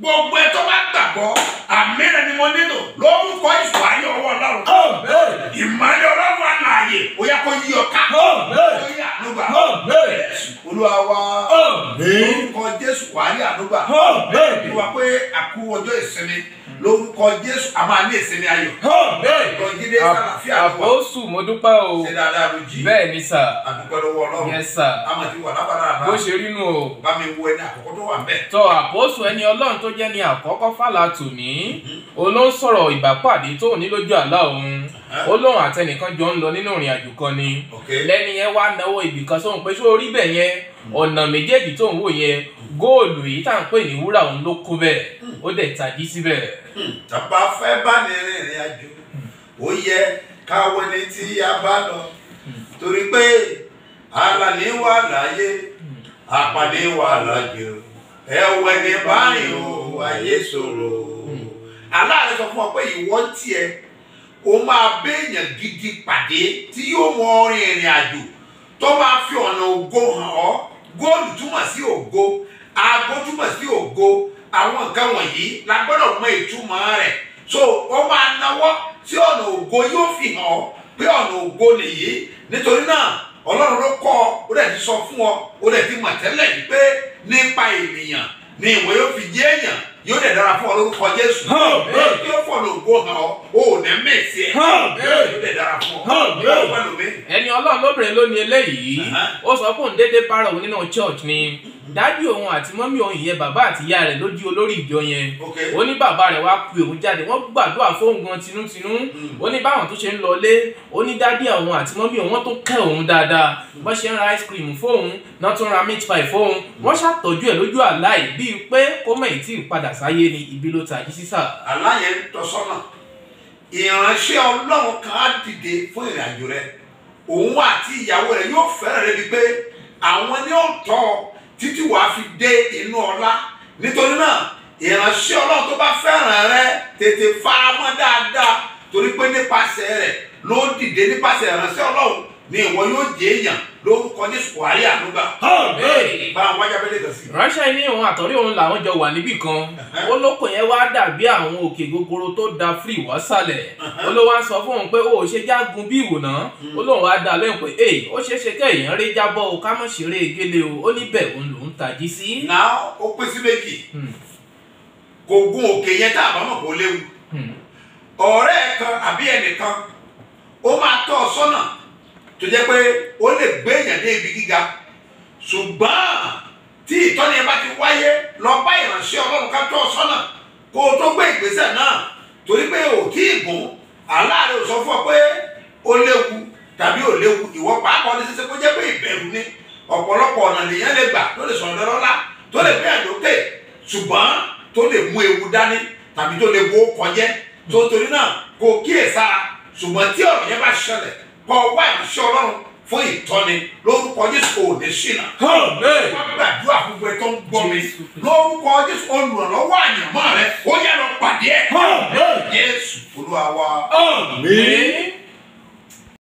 gbogbo ẹ tó bá gbàgbọ́ àmì rẹ ni mo nílò lórúkọ ìfọ ayé ọwọ́ ọlọ́run. ìmọ̀lẹ́ ọlọ́run àná ààyè ó yá kó yí ọ ká. lórí àdúgbà olúwa wa lórúkọ jésù wà ní àdúgbà. olúwa pé àkú ọjọ́ ìsinmi lórúkọ jésù a máa ní ìsinmi ayọ̀. àpòsù mo dúpẹ́ o. bẹ́ẹ̀ ni sà. bó ṣe rínú o. tọ àpòsù ẹni ọlọ́run tó jẹ́ ni àkọ́kọ́ fàlà tòní. olóńsọ̀rọ̀ mm-hmm. ìbápàdé tóun ní lójú àlá òun uh-huh. ó àtẹnìkan jọ ń lọ nínú ìrìn àjò kan ni lẹ́ni yẹn wá náwó ibì sóhun pé ṣó orí bẹ̀ yẹn Mm. ọ̀nà méjèèjì tó ń wò yẹn góòlù yìí tá à ń pè ní wúrà òun ló kó bẹ́ẹ̀ mm. ó dẹ̀ tají síbẹ̀. Mm. tàbá fẹ́ bá ní rìnrìn àjò ó yẹ káwọn ẹni tí a bá lọ torí pé ara ní wà láyé àpàdé wà lájò ẹ̀wẹ̀ ní báyìí o ayé sọ̀rọ̀ aláàrẹ sọ fún ọ pé ìwọ tiẹ̀ o máa béèyàn gidi pàdé tí yóò mọ orin ìrìn àjò tó máa fi ọ̀nà ògo hàn ọ́ góòlù túmọ̀ sí ògo aago túmọ̀ sí ògo àwọn nǹkan wọ̀nyí la gbọ́dọ̀ mọ ìtumọ̀ rẹ̀ so ó máa nawọ́ sí ọ̀nà ògo yóò fi hàn ọ́ pé ọ̀nà ògo nìyí nítorí náà ọlọ́run ló kọ́ ọ ó dẹ̀ ti sọ fún ọ ó dẹ̀ ti mọ̀ tẹ́lẹ̀ yìí pé nípa ènìyàn ni ìwọ yóò fi jẹ́ èèyàn yóò dẹ̀ dára fún ọ lórúkọ jésù. yóò fọ lóògùn hàn ọ o ní mèsì ẹ. yóò dẹ̀ dára fún ọ yóò wà lómi. ẹni ọlọ́run lóbìnrin ló ní eléyìí ó sọ fún déédéé para òun nínú church ni dádì òun àti mọ́mí òun ìyẹn bàbá àti ìyá rẹ̀ ló olórí ìjọ yẹn ó ní bàbá rẹ̀ wá pe òun jáde wọ́n gbàdúrà fóun gan tinútinú hmm. ó ní báwọn tó ṣe ń lọlé ó ní dádì òun àti mọ́mí òun wọ́n tó kẹ́ òun dáadáa wọ́n ṣe ń ra ice cream fóun náà tún ra meat pie fóun wọ́n ṣàtọ́jú ẹ̀ lójú àlá bíi pé kó mọ̀ èyí tí sáyé ni ibi ló ta yìí sísà. àlá yẹn tọ́ ìránṣẹ́ ọlọ́run kan á dìde fún ìrìnàjò rẹ òun àti ìyàwó rẹ yóò fẹ́ràn rẹ bíi pé àwọn ni ó tọ́ ọ títí wàá fi dé inú ọlá nítorí náà ìránṣẹ́ ọlọ́run tó bá fẹ́ràn rẹ tètè faramọ́ dáadáa torí pé nípasẹ̀ rẹ̀ ló dìde nípasẹ̀ ìránṣẹ́ ọlọ́run ni ìwọ yóò jẹ èèyàn lórúkọ bá wájà bẹ́lẹ̀ ránṣẹ́ ní òun àtọ́rí òun làwọn jọ wà níbì kan ó lóko wá dàbí àwọn òkè gogoro tó da wá sálẹ̀ ó ló wá sọ fún òun pé ó ṣe jágun bí ìwòná hmm. ó lóun wá dá lẹ́yìn ee ó ṣe rí jábọ́ o ká mọ̀ ṣeré egéle o ó òun lòún tají sí. na ó pín sí méjì hmm. gun òkè yẹn tá àbámọ̀ kò léwu hmm. tó jẹ́ pé ó lè gbé èèyàn dé ibi gíga ṣùgbọ́n tí ìtọ́ni ẹ bá ti wáyé lọ bá ìránṣẹ́ ọlọ́run ká tọ́ sọ́nà kó o tó gbé ìgbésẹ̀ náà torí pé ò tí ì gùn aláàárẹ̀ ò sọ fún ọ pé ó léwu tàbí ò léwu ìwọ pàápàá ní sísè kó jẹ́ pé ìbẹ̀rù ni ọ̀pọ̀lọpọ̀ ọ̀nà lèèyàn lè gbà tó lè sọ̀rọ̀ lọ́la tó lè gbé àdókè ṣùgbọ́n tó lè mú ewu dání tàbí tó lè wó kọjẹ́ tó torí náà kò kíyèsára ṣùgbọ́n tí ọ̀rọ̀ yẹn bá ṣẹlẹ̀ kọ wá ìránṣẹ́ ọlọ́run fún ìtọ́ni lórúkọ jésù òní ṣìnà. wọ́n gbàdúrà gbogbo ẹ̀ tó ń gbọ́ mi lórúkọ jésù olùrànlọ́wọ́ àyànmọ́ rẹ̀ ó yẹ lọ pàdé ẹ̀. jésù olúwa wa. àmín.